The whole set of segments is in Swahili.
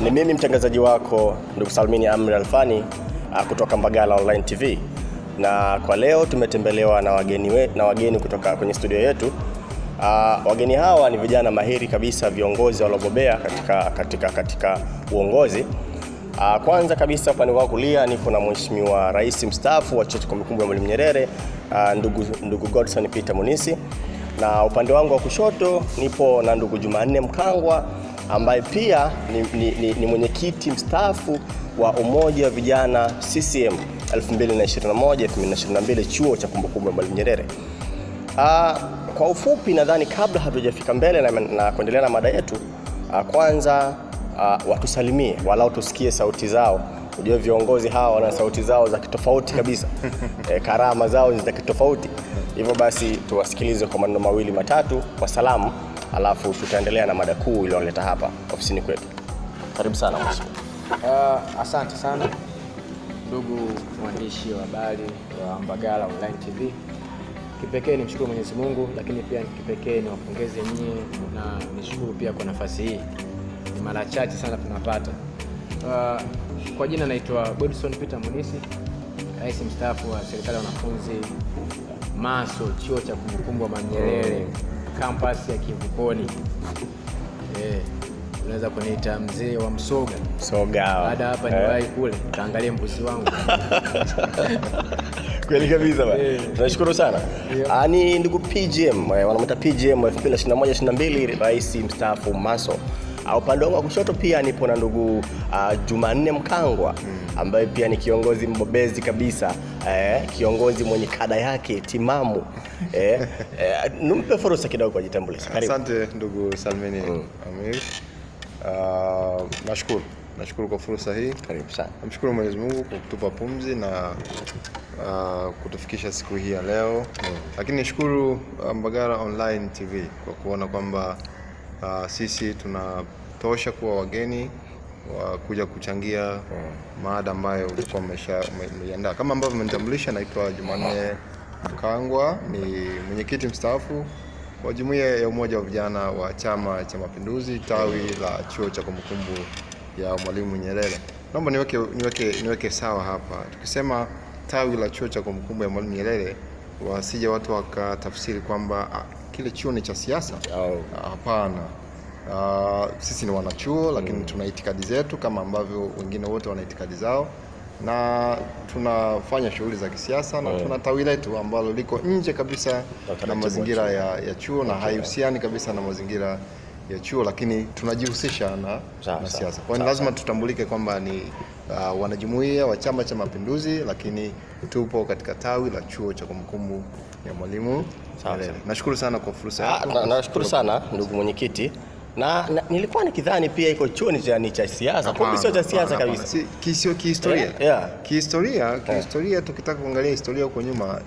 Ni mimi mtangazaji wako ndugu Salmini Amri Alfani ah, kutoka Mbagala Online TV, na kwa leo tumetembelewa na wageni, we, na wageni kutoka kwenye studio yetu. Uh, wageni hawa ni vijana mahiri kabisa, viongozi waliobobea katika, katika, katika uongozi. Uh, kwanza kabisa upande wao kulia niko na Mheshimiwa Rais mstaafu wa Chuo cha Kumbukumbu ya Mwalimu Nyerere, uh, ndugu, ndugu Godson Peter Munisi, na upande wangu wa kushoto nipo na ndugu Jumanne Mkangwa ambaye pia ni, ni, ni, ni mwenyekiti mstaafu wa umoja wa vijana CCM 2021 2022 chuo cha kumbukumbu ya Mwalimu Nyerere. Uh, kwa ufupi nadhani kabla hatujafika mbele na, na kuendelea na mada yetu uh, kwanza uh, watusalimie walau tusikie sauti zao. Unajua viongozi hawa wana sauti zao za kitofauti kabisa e, karama zao ni za kitofauti. Hivyo basi tuwasikilize kwa maneno mawili matatu kwa salamu alafu tutaendelea na mada kuu iliyoleta hapa ofisini kwetu. Karibu sana mheshimiwa. Uh, asante sana ndugu mwandishi wa habari wa Mbagala Online TV. Kipekee nimshukuru Mwenyezi Mungu, lakini pia kipekee wapongeze nyie na nishukuru pia kwa nafasi hii, ni mara chache sana tunapata. Uh, kwa jina naitwa Godson Peter Munisi, rais mstaafu wa serikali ya wanafunzi MASO, chuo cha kumbukumbu wa Manyerere campus ya Kivukoni. Eh, unaweza kuniita mzee wa msoga msoga. Baada hapa eh. ni wai kule kaangalie mbuzi wangu kweli kabisa ba. Eh. tunashukuru sana ah, ni ndugu PGM, eh, wanamwita PGM 2021 22 rais mstaafu Maso Ah, upande wangu wa kushoto pia nipo na ndugu uh, Jumanne Mkangwa hmm. ambaye pia ni kiongozi mbobezi kabisa eh, kiongozi mwenye kada yake timamu eh, eh, numpe fursa kidogo kwa jitambulisha. Asante ndugu Salmini mm. Amir. Uh, nashukuru nashukuru kwa fursa hii. Karibu sana. Namshukuru Mwenyezi Mungu kwa kutupa pumzi na uh, kutufikisha siku hii ya leo mm. Lakini nishukuru uh, Online TV kwa kuona kwamba uh, sisi tuna tosha kuwa wageni wa kuja kuchangia maada ambayo ulikuwa umeiandaa. Kama ambavyo mmenitambulisha, naitwa Jumanne Mkangwa, ni mwenyekiti mstaafu wa Jumuiya ya Umoja wa Vijana wa Chama cha Mapinduzi, tawi la Chuo cha Kumbukumbu ya Mwalimu Nyerere. Naomba niweke, niweke, niweke sawa hapa, tukisema tawi la Chuo cha Kumbukumbu ya Mwalimu Nyerere, wasije watu wakatafsiri kwamba ah, kile chuo ni cha siasa. Hapana. Uh, sisi ni wanachuo lakini mm. tuna itikadi zetu kama ambavyo wengine wote wana itikadi zao na tunafanya shughuli za kisiasa na mm. tuna tawi letu ambalo liko nje kabisa na mazingira ya, ya chuo okay. na haihusiani kabisa na mazingira ya chuo lakini tunajihusisha na, na siasa. Kwa hiyo lazima tutambulike kwamba ni uh, wanajumuiya wa Chama cha Mapinduzi, lakini tupo katika tawi la chuo cha kumbukumbu ya Mwalimu Nashukuru sana kwa fursa ah, Nashukuru na, na, sana ndugu mwenyekiti na, na nilikuwa nikidhani pia iko cha ni cha siasa, kumbe sio cha siasa kabisa, kisio kihistoria. Eh, kihistoria, eh. kihistoria, tukitaka kuangalia historia huko nyuma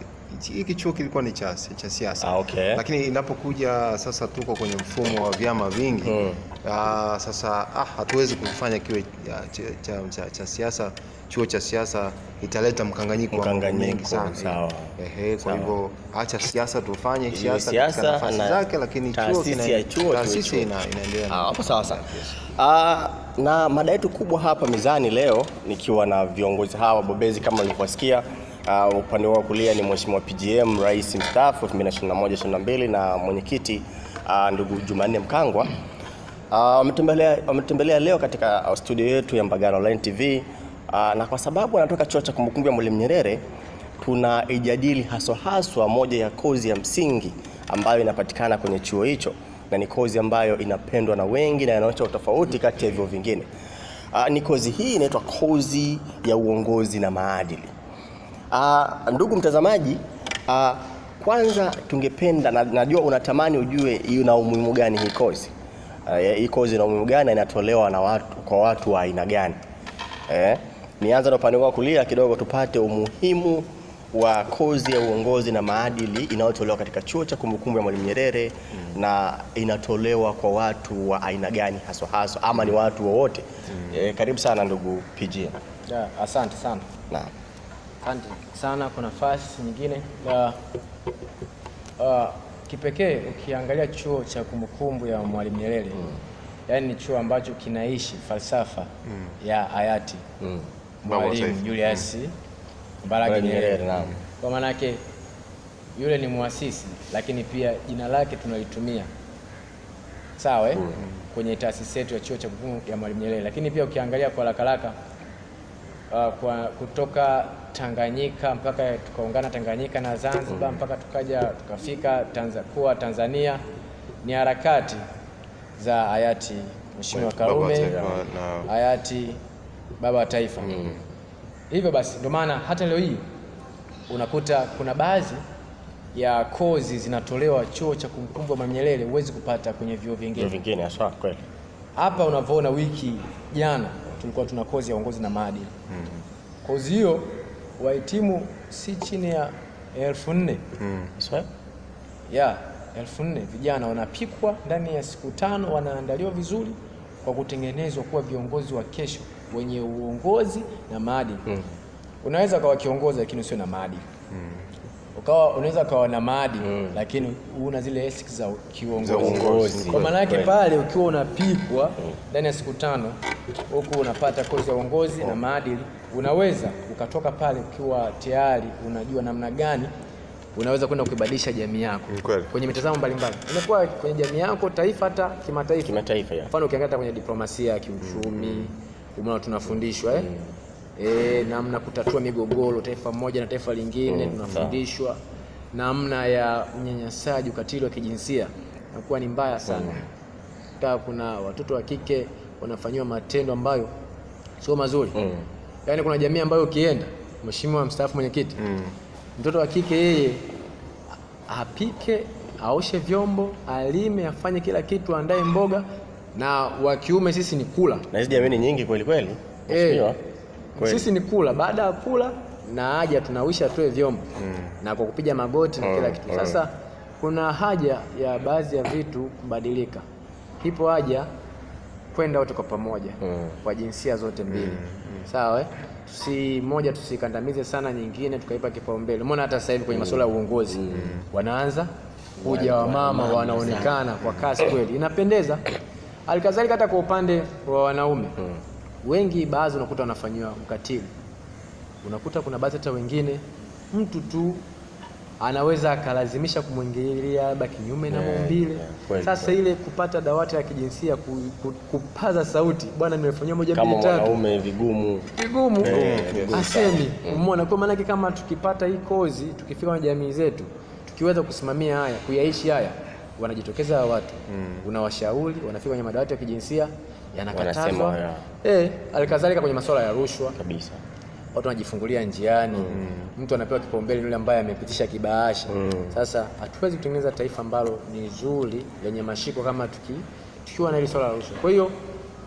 hiki chuo kilikuwa ni cha cha siasa ah, okay. Lakini inapokuja sasa, tuko kwenye mfumo wa vyama vingi hmm. Ah, sasa ah, hatuwezi kufanya kiwe ah, cha, cha, cha, cha siasa chuo cha siasa italeta mkanganyiko wa mambo mengi sana. kwa hivyo acha siasa tufanye siasa katika nafasi zake, lakini chuo taasisi inaendelea. Ah, hapo sawa sawa. Ah, na mada yetu kubwa hapa mezani leo nikiwa na viongozi hawa bobezi kama ulivyosikia Uh, upande wa kulia ni Mheshimiwa PGM rais mstaafu 2021-2022 na mwenyekiti uh, ndugu Jumanne Mkangwa wametembelea uh, leo katika uh, studio yetu ya Mbagala Online TV uh, na kwa sababu anatoka chuo cha kumbukumbu ya Mwalimu Nyerere, tuna ijadili haswa haswa moja ya kozi ya msingi ambayo inapatikana kwenye chuo hicho na ni kozi ambayo inapendwa na wengi na inaonyesha utofauti kati ya vyuo vingine. Uh, ni kozi hii inaitwa kozi ya uongozi na maadili. Uh, ndugu mtazamaji uh, kwanza tungependa na, najua unatamani ujue ina umuhimu gani hii kozi uh, hii kozi ina umuhimu gani na inatolewa na watu, kwa watu wa aina gani eh? Nianza na upande wa kulia kidogo tupate umuhimu wa kozi ya uongozi na maadili inayotolewa katika chuo cha kumbukumbu ya Mwalimu Nyerere mm. na inatolewa kwa watu wa aina gani haswa haswa ama ni watu wowote wa mm. eh, karibu sana ndugu PG. Yeah, asante sana. Naam. Asante sana kwa nafasi nyingine na uh, kipekee ukiangalia chuo cha kumbukumbu ya Mwalimu Nyerere mm. yaani ni chuo ambacho kinaishi falsafa mm. ya hayati mm. Mwalimu Julius mm. Nyerere Naam. kwa maana yake yule ni muasisi, lakini pia jina lake tunalitumia sawa eh? mm. kwenye taasisi yetu ya chuo cha kumbukumbu ya Mwalimu Nyerere, lakini pia ukiangalia kwa haraka haraka uh, kwa kutoka Tanganyika mpaka tukaungana Tanganyika na Zanzibar mpaka tukaja tukafika Tanzania, kuwa Tanzania ni harakati za hayati Mheshimiwa Karume hayati baba wa taifa. Mm. Hivyo basi ndio maana hata leo hii unakuta kuna baadhi ya kozi zinatolewa chuo cha kumkumbuka Mwalimu Nyerere, huwezi kupata kwenye vyuo vingine vingine hasa kweli. Hapa unavyoona wiki jana tulikuwa tuna kozi ya uongozi na maadili. Mm. Kozi hiyo wahitimu si chini ya elfu nne mm. elfu nne vijana wanapikwa ndani ya siku tano, wanaandaliwa vizuri kwa kutengenezwa kuwa viongozi wa kesho wenye uongozi na maadili mm. Unaweza kawa kiongozi lakini usio na maadili mm ukawa unaweza ukawa na maadili mm. lakini una zile esiki za kiongozi kwa maana yake pale ukiwa unapikwa hmm. ndani mm. ya siku tano huku unapata kozi ya uongozi oh. na hmm. maadili unaweza ukatoka pale ukiwa tayari unajua namna gani unaweza kwenda kuibadilisha jamii yako Mkweli. kwenye mitazamo mbalimbali imekuwa kwenye jamii yako taifa hata kimataifa kimataifa mfano ukiangalia kwenye diplomasia ya kiuchumi mm. umeona tunafundishwa eh? mm e, namna kutatua migogoro taifa moja na taifa lingine mm, tunafundishwa namna ya unyanyasaji, ukatili wa kijinsia nakuwa ni mbaya sana mm. Kuna watoto wa kike wanafanyiwa matendo ambayo sio mazuri mm. Yaani kuna jamii ambayo ukienda, mheshimiwa mstaafu mwenyekiti mm. Mtoto wa kike yeye apike, aoshe vyombo, alime, afanye kila kitu, andae mboga, na wa kiume sisi ni kula, na hizi jamii ni nyingi kweli kweli, eh, mheshimiwa sisi ni kula, baada ya kula na haja tunawisha atoe vyombo mm. na kwa kupiga magoti na kila oh, kitu. Oh. Sasa kuna haja ya baadhi ya vitu kubadilika, ipo haja kwenda wote kwa pamoja mm. kwa jinsia zote mbili mm. mm. sawa eh? Si moja tusikandamize sana nyingine, tukaipa kipaumbele. Umeona hata sasa hivi kwenye masuala ya uongozi mm. wanaanza kuja wamama wanaonekana kwa kasi kweli, inapendeza. Alikadhalika hata kwa upande wa wanaume mm wengi, baadhi unakuta wanafanyiwa ukatili, unakuta kuna baadhi hata wengine mtu tu anaweza akalazimisha kumwingilia labda kinyume na eh, maumbile yeah, yeah. Sasa ile kupata dawati la kijinsia ku, ku, kupaza sauti, bwana, nimefanyiwa moja mbili tatu, wanaume vigumu vigumu eh, asemi eh. umeona. Kwa maana kama tukipata hii kozi, tukifika kwenye jamii zetu, tukiweza kusimamia haya, kuyaishi haya, wanajitokeza watu mm. Unawashauri, wanafika kwenye madawati ya kijinsia yanakatazwa Eh, alikadhalika kwenye masuala ya rushwa kabisa, watu wanajifungulia njiani mm. Mtu anapewa kipaumbele yule ambaye amepitisha kibaasha mm. Sasa hatuwezi kutengeneza taifa ambalo ni zuri lenye mashiko kama tuki, tukiwa na ile swala la rushwa. Kwa hiyo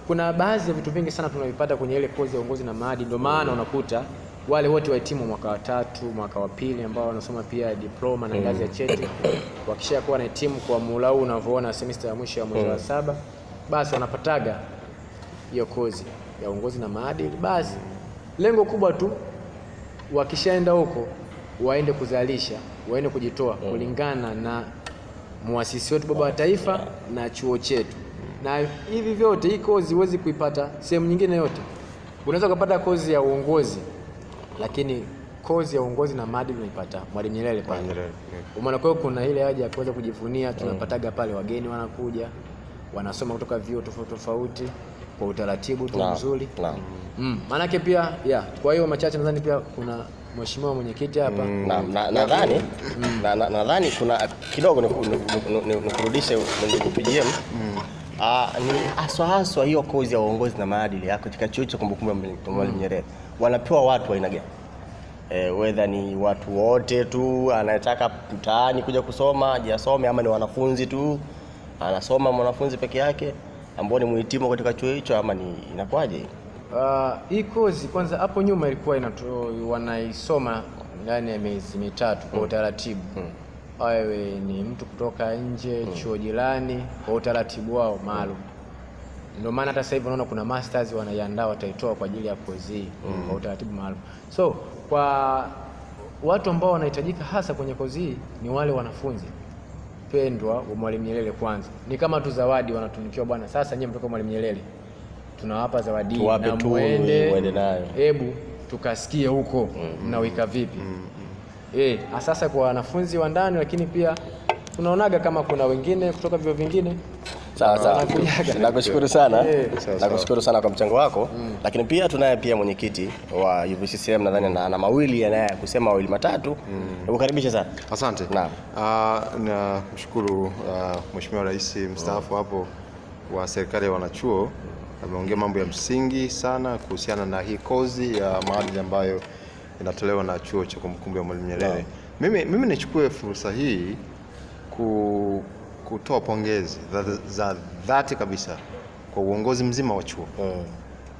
kuna baadhi ya vitu vingi sana tunavipata kwenye ile kozi ya uongozi na maadi ndio maana mm. unakuta wale wote wahitimu mwaka wa tatu mwaka wa pili ambao wanasoma pia diploma na mm. ngazi mm. ya cheti kuwa na hitimu kwa muhula unavyoona semester ya mwisho ya mwezi mm. wa saba, basi wanapataga hiyo kozi ya uongozi na maadili, basi lengo kubwa tu wakishaenda huko waende kuzalisha, waende kujitoa mm. kulingana na muasisi wetu baba wa taifa yeah. na chuo chetu na hivi vyote. Hii kozi huwezi kuipata sehemu nyingine yote. Unaweza ukapata kozi ya uongozi, lakini kozi ya uongozi na maadili unaipata Mwalimu Nyerere pale. Umeona, kwa hiyo kuna ile haja ya kuweza kujivunia, mm. tunapataga pale, wageni wanakuja wanasoma kutoka vyuo tofauti tofauti kwa utaratibu tu mzuri mm. maanake pia yeah, kwa hiyo machache nadhani pia kuna mheshimiwa mwenyekiti hapa mm, nadhani na, kuna kidogo nikurudishe mm. ah, ni haswa haswa hiyo kozi ya uongozi na maadili yako katika chuo cha kumbukumbu ya Mwalimu mm. Nyerere wanapewa watu aina gani? Eh, wedha ni watu wote tu anayetaka mtaani kuja kusoma je ama ni wanafunzi tu anasoma mwanafunzi peke yake ambao ni muhitimu katika chuo hicho ama ni inakuwaje? Uh, hii kozi kwanza hapo nyuma ilikuwa inato, wanaisoma ndani ya miezi mitatu kwa hmm. utaratibu mm. Awe ni mtu kutoka nje mm. chuo jirani kwa utaratibu wao maalum mm. Ndio maana hata sasa hivi unaona kuna masters wanaiandaa wataitoa kwa ajili ya kozi hii mm. kwa utaratibu maalum. So kwa watu ambao wanahitajika hasa kwenye kozi hii ni wale wanafunzi mpendwa wa Mwalimu Nyerere kwanza. Ni kama tu zawadi wanatunikiwa, bwana, sasa nyie mtoka Mwalimu Nyerere tunawapa zawadi na muende, hebu tukasikie huko mm-hmm. mnawika mm -hmm. vipi mm -hmm. eh, ah, sasa kwa wanafunzi wa ndani, lakini pia tunaonaga kama kuna wengine kutoka vyuo vingine sawa sawa. Nakushukuru sana, nakushukuru sana kwa mchango wako mm. Lakini pia tunaye pia mwenyekiti wa UVCCM nadhani na mawili anaye kusema mawili matatu mm. Nikukaribisha sana asante. Naam, ah, na mshukuru uh, Mheshimiwa Rais mstaafu mm. hapo wa serikali ya wanachuo ameongea mambo ya msingi sana kuhusiana na hii kozi ya maadili ambayo inatolewa na chuo cha kumbukumbu ya Mwalimu Nyerere. Mimi, mimi nichukue fursa hii ku kutoa pongezi za dhati kabisa kwa uongozi mzima wa chuo mm.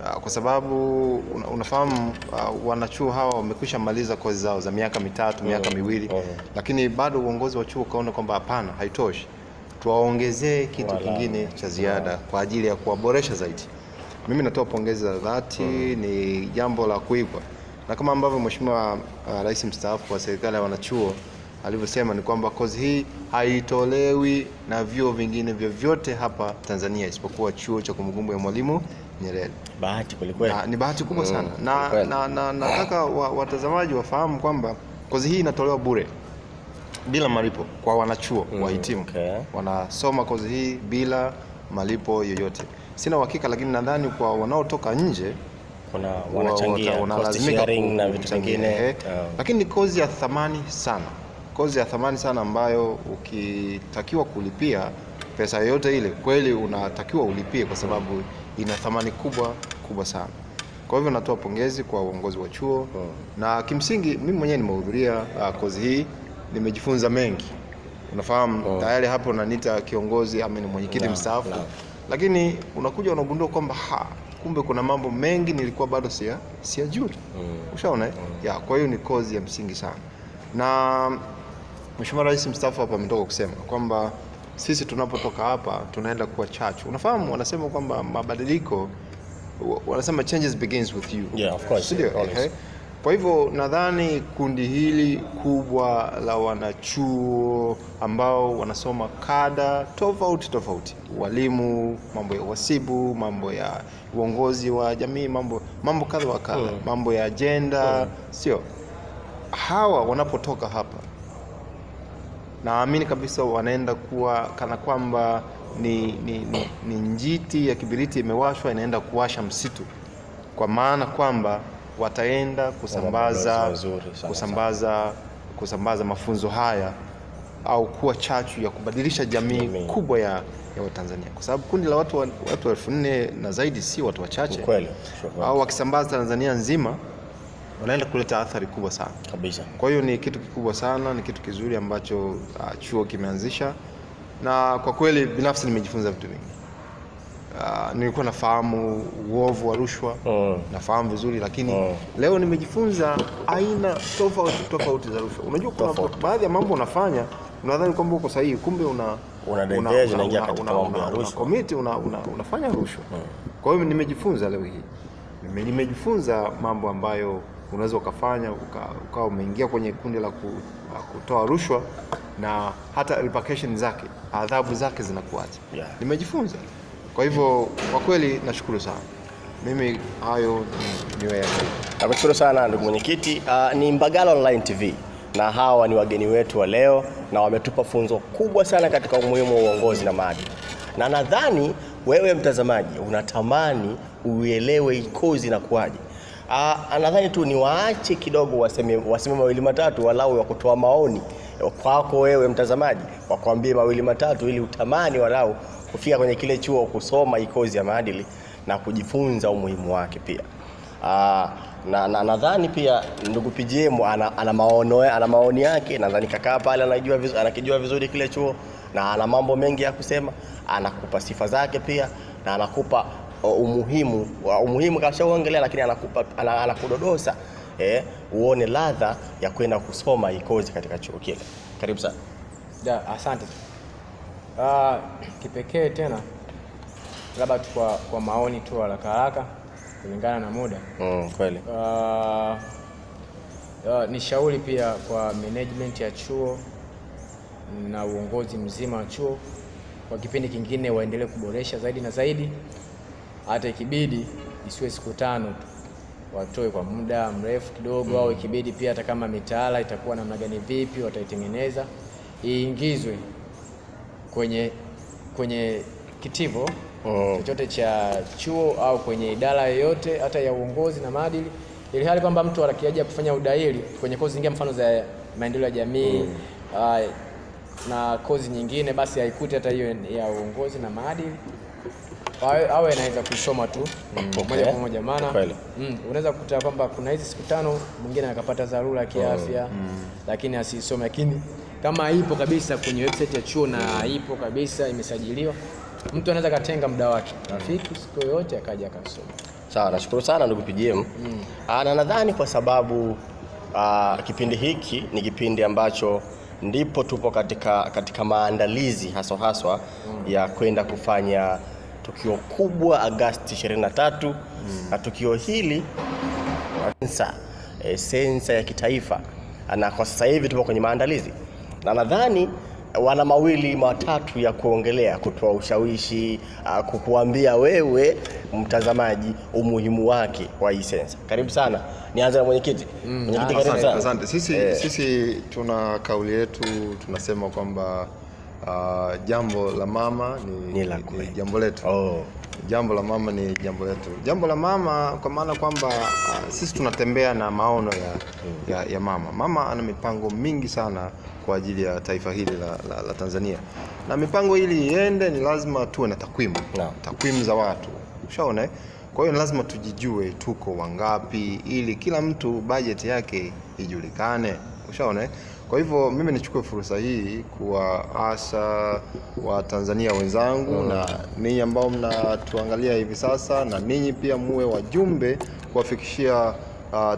Ah, kwa sababu unafahamu uh, wanachuo hawa wamekwisha maliza kozi zao za miaka mitatu mm. miaka miwili mm. Lakini bado uongozi wa chuo ukaona kwamba hapana, haitoshi, tuwaongezee kitu Wala. kingine cha mm. ziada kwa ajili ya kuwaboresha zaidi. Mimi natoa pongezi za dhati mm. Ni jambo la kuigwa na kama ambavyo Mheshimiwa uh, Rais mstaafu wa serikali ya wanachuo alivyosema ni kwamba kozi hii haitolewi na vyuo vingine vyovyote hapa Tanzania isipokuwa chuo cha kumbukumbu ya Mwalimu Nyerere. Bahati kweli. ni bahati kubwa mm, sana mm, na, na, na nataka wa, watazamaji wafahamu kwamba kozi hii inatolewa bure bila malipo kwa wanachuo mm, wahitimu okay. Wanasoma kozi hii bila malipo yoyote. Sina uhakika, lakini nadhani kwa wanaotoka nje kuna wanachangia wanalazimika na vitu vingine, eh. oh. lakini ni kozi ya thamani sana kozi ya thamani sana ambayo ukitakiwa kulipia pesa yoyote ile kweli unatakiwa ulipie kwa sababu ina thamani kubwa kubwa sana. Kwa hivyo natoa pongezi kwa uongozi wa chuo hmm. Na kimsingi mimi mwenyewe nimehudhuria uh, kozi hii nimejifunza mengi, unafahamu hmm. Tayari hapo unaniita kiongozi ama ni mwenyekiti mstaafu, lakini unakuja unagundua kwamba kumbe kuna mambo mengi nilikuwa bado siyajui, hmm. ushaona hmm. ya kwa hiyo ni kozi ya msingi sana na Mheshimiwa Rais mstaafu hapa ametoka kusema kwamba sisi tunapotoka hapa tunaenda kuwa chachu. Unafahamu, wanasema kwamba mabadiliko, wanasema changes begins with you. Yeah, of course. yeah, Okay. Kwa hivyo nadhani kundi hili kubwa la wanachuo ambao wanasoma kada tofauti tofauti, walimu, mambo ya uhasibu, mambo ya uongozi wa jamii, mambo mambo kadha wa kadha, mm. mambo ya ajenda, mm. sio hawa wanapotoka hapa naamini kabisa wanaenda kuwa kana kwamba ni, ni, ni, ni njiti ya kibiriti imewashwa inaenda kuwasha msitu, kwa maana kwamba wataenda kusambaza, kusambaza, kusambaza mafunzo haya au kuwa chachu ya kubadilisha jamii kubwa ya, ya Watanzania kwa sababu kundi la watu, watu elfu nne na zaidi si watu wachache, au wakisambaza Tanzania nzima wanaenda kuleta athari kubwa sana kabisa. Kwa hiyo ni kitu kikubwa sana, ni kitu kizuri ambacho uh, chuo kimeanzisha, na kwa kweli binafsi nimejifunza vitu vingi. Uh, nilikuwa nafahamu uovu wa rushwa mm. Nafahamu vizuri lakini mm. Leo nimejifunza aina tofauti tofauti za rushwa. Unajua kuna baadhi ya mambo unafanya unadhani kwamba uko sahihi, kumbe una unafanya rushwa. Hmm. Kwa hiyo nimejifunza leo hii, nimejifunza mambo ambayo unaweza ukafanya ukawa umeingia kwenye kundi la kutoa rushwa na hata repercussion zake, adhabu zake zinakuacha. Yeah. Nimejifunza. Kwa hivyo kwa kweli nashukuru sana. Mimi hayo niwe. Nakushukuru sana ndugu mwenyekiti. Uh, ni Mbagala Online TV na hawa ni wageni wetu wa leo na wametupa funzo kubwa sana katika umuhimu wa uongozi na maji na nadhani wewe mtazamaji unatamani uelewe ikozi na kuaje Ah, nadhani tu ni waache kidogo waseme, waseme mawili matatu walau wa kutoa maoni eh, kwako wewe mtazamaji, wakwambie mawili matatu ili utamani walau kufika kwenye kile chuo kusoma ikozi ya maadili na kujifunza umuhimu wake pia. Aa, ah, na nadhani na, pia ndugu PGM ana, ana maono ana maoni yake. Nadhani kakaa pale anajua vizu, anakijua vizuri kile chuo na ana mambo mengi ya kusema, anakupa sifa zake pia na anakupa Uh, umuhimu uh, umuhimu kashauongelea, lakini anakupa anakudodosa eh, uone ladha ya kwenda kusoma ikozi katika chuo kile. Karibu sana. Da, asante. Uh, kipekee tena labda kwa, kwa maoni tu haraka haraka kulingana na muda mm, kweli. Uh, uh, ni shauri pia kwa management ya chuo na uongozi mzima wa chuo, kwa kipindi kingine waendelee kuboresha zaidi na zaidi hata ikibidi isiwe siku tano tu watoe kwa muda mrefu kidogo mm. au ikibidi pia hata kama mitaala itakuwa namna gani, vipi wataitengeneza iingizwe kwenye kwenye kitivo oh. chochote cha chuo au kwenye idara yoyote hata ya uongozi na maadili, ili hali kwamba mtu akiaja kufanya udahili kwenye kozi nyingine, mfano za maendeleo ya jamii mm. uh, na kozi nyingine, basi haikuti hata hiyo ya uongozi na maadili awe anaweza kuisoma tu mm, okay. moja kwa moja, maana mm, unaweza kukuta kwamba kuna hizi siku tano mwingine akapata dharura kiafya oh, mm. lakini asisome, lakini kama ipo kabisa kwenye website ya chuo na ipo kabisa imesajiliwa, mtu anaweza katenga muda wake mm. rafiki siku yoyote akaja akasoma. Sawa, nashukuru sana ndugu PGM mm. Ah, na nadhani kwa sababu Uh, kipindi hiki ni kipindi ambacho ndipo tupo katika, katika maandalizi haswa haswa mm. ya kwenda kufanya tukio kubwa Agasti 23 mm. na tukio hili sensa, e, sensa ya kitaifa, na kwa sasa hivi tupo kwenye maandalizi na nadhani wana mawili matatu ya kuongelea, kutoa ushawishi, kukuambia wewe mtazamaji umuhimu wake wa hii sensa. Karibu sana, nianze na mwenyekiti. Mm, mwenyekiti, karibu sana. Asante. Sisi, eh, sisi tuna kauli yetu tunasema kwamba Uh, jambo la mama ni, ni, ni jambo letu. Oh. Jambo la mama ni jambo letu. Jambo la mama kwa maana kwamba uh, sisi tunatembea na maono ya, mm. ya, ya mama. Mama ana mipango mingi sana kwa ajili ya taifa hili la, la, la Tanzania, na mipango hili iende ni lazima tuwe na takwimu no. Takwimu za watu ushaona. Eh? Kwa hiyo lazima tujijue tuko wangapi, ili kila mtu bajeti yake ijulikane. Ushaona eh? Kwa hivyo mimi nichukue fursa hii kuwaasa Watanzania wenzangu mm. na ninyi ambao mnatuangalia hivi sasa, na ninyi pia muwe wajumbe kuwafikishia uh,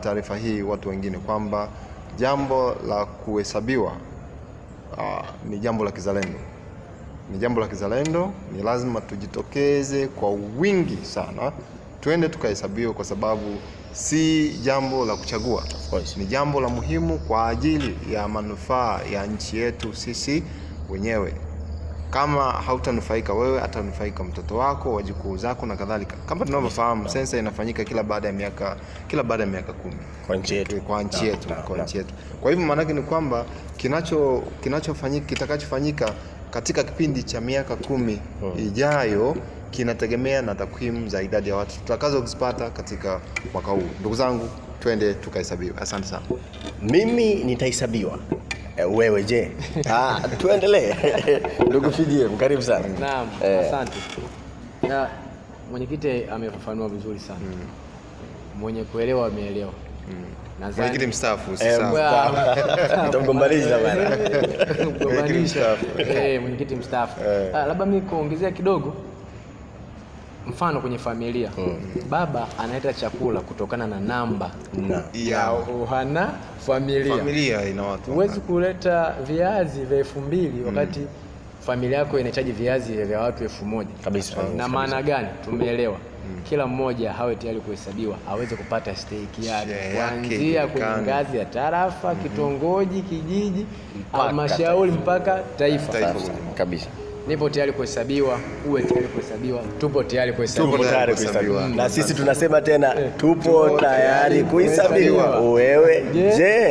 taarifa hii watu wengine kwamba jambo la kuhesabiwa uh, ni jambo la kizalendo, ni jambo la kizalendo. Ni lazima tujitokeze kwa wingi sana, tuende tukahesabiwe kwa sababu si jambo la kuchagua, ni jambo la muhimu kwa ajili ya manufaa ya nchi yetu sisi wenyewe. Kama hautanufaika wewe, atanufaika mtoto wako, wajukuu zako na kadhalika. Kama tunavyofahamu, sensa inafanyika kila baada ya miaka kila baada ya miaka kumi kwa nchi yetu, kwa nchi yetu, kwa nchi yetu. Kwa hivyo maanake ni kwamba kinacho kinachofanyika kitakachofanyika katika kipindi cha miaka kumi hmm. ijayo kinategemea na takwimu za idadi ya watu tutakazozipata katika mwaka huu. Ndugu zangu, twende tukahesabiwa. Asante sana. Mimi nitahesabiwa. Eh, wewe je? Ah, tuendelee. Ndugu FDM, karibu sana. Naam, eh. asante. Na mwenyekiti amefafanua vizuri sana. Mm. Mwenye kuelewa ameelewa. Mm. Nadhani mwenyekiti mstaafu usisahau. Mtamgombalisha bana. Mwenyekiti mstaafu. Eh, mwenyekiti mstaafu. Eh. Ah, labda mimi kuongezea kidogo mfano kwenye familia mm. baba analeta chakula kutokana na namba na. ya wana familia, familia ina watu huwezi kuleta viazi vya elfu mbili mm. wakati mm. familia yako inahitaji viazi vya watu elfu moja kabisa. Na maana gani? Tumeelewa mm. kila mmoja hawe tayari kuhesabiwa aweze kupata stake yake kuanzia kwenye ngazi ya tarafa, mm-hmm. kitongoji, kijiji, halmashauri mpaka taifa kabisa nipo tayari kuhesabiwa, uwe tayari kuhesabiwa, tupo tayari kuhesabiwa, tupo tayari kuhesabiwa. Na sisi tunasema tena, eh, tupo tayari kuhesabiwa. Wewe je?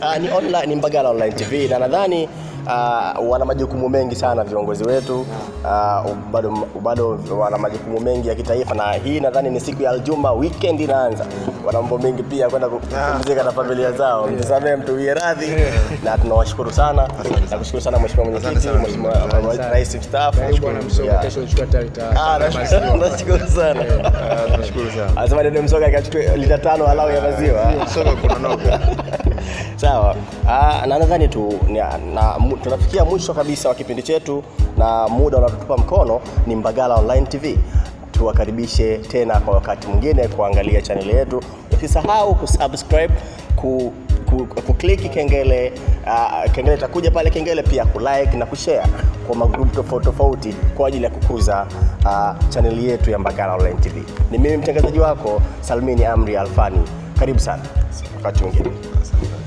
Ah, ni online, ni Mbagala Online TV na nadhani uh, wana majukumu mengi sana viongozi wetu uh, um, bado, bado wana majukumu mengi ya kitaifa, na hii nadhani ni siku ya Aljuma, weekend inaanza, wana mambo mengi pia kwenda ah. kupumzika na familia zao. Mtusamee, mtuwie radhi, na tunawashukuru sana. Nakushukuru sana Mheshimiwa Mwenyekiti, Mheshimiwa Rais mstaafu, ah, nashukuru sana. Ah, Anasema dede Msoga akachukua lita tano alau ya maziwa sawa. Ah, na nadhani tu na, tunafikia mwisho kabisa wa kipindi chetu na muda unatotupa mkono. Ni Mbagala Online TV, tuwakaribishe tena kwa wakati mwingine kuangalia chaneli yetu. Usisahau kusubscribe ku kukliki kengele. Uh, kengele itakuja pale, kengele pia kulike na kushare kwa magrupu tofauti tofauti kwa ajili ya kukuza uh, ah, chaneli yetu ya Mbagala Online TV. Ni mimi mtangazaji wako Salmini Amri Alfani. Karibu sana wakati mwingine. Asante.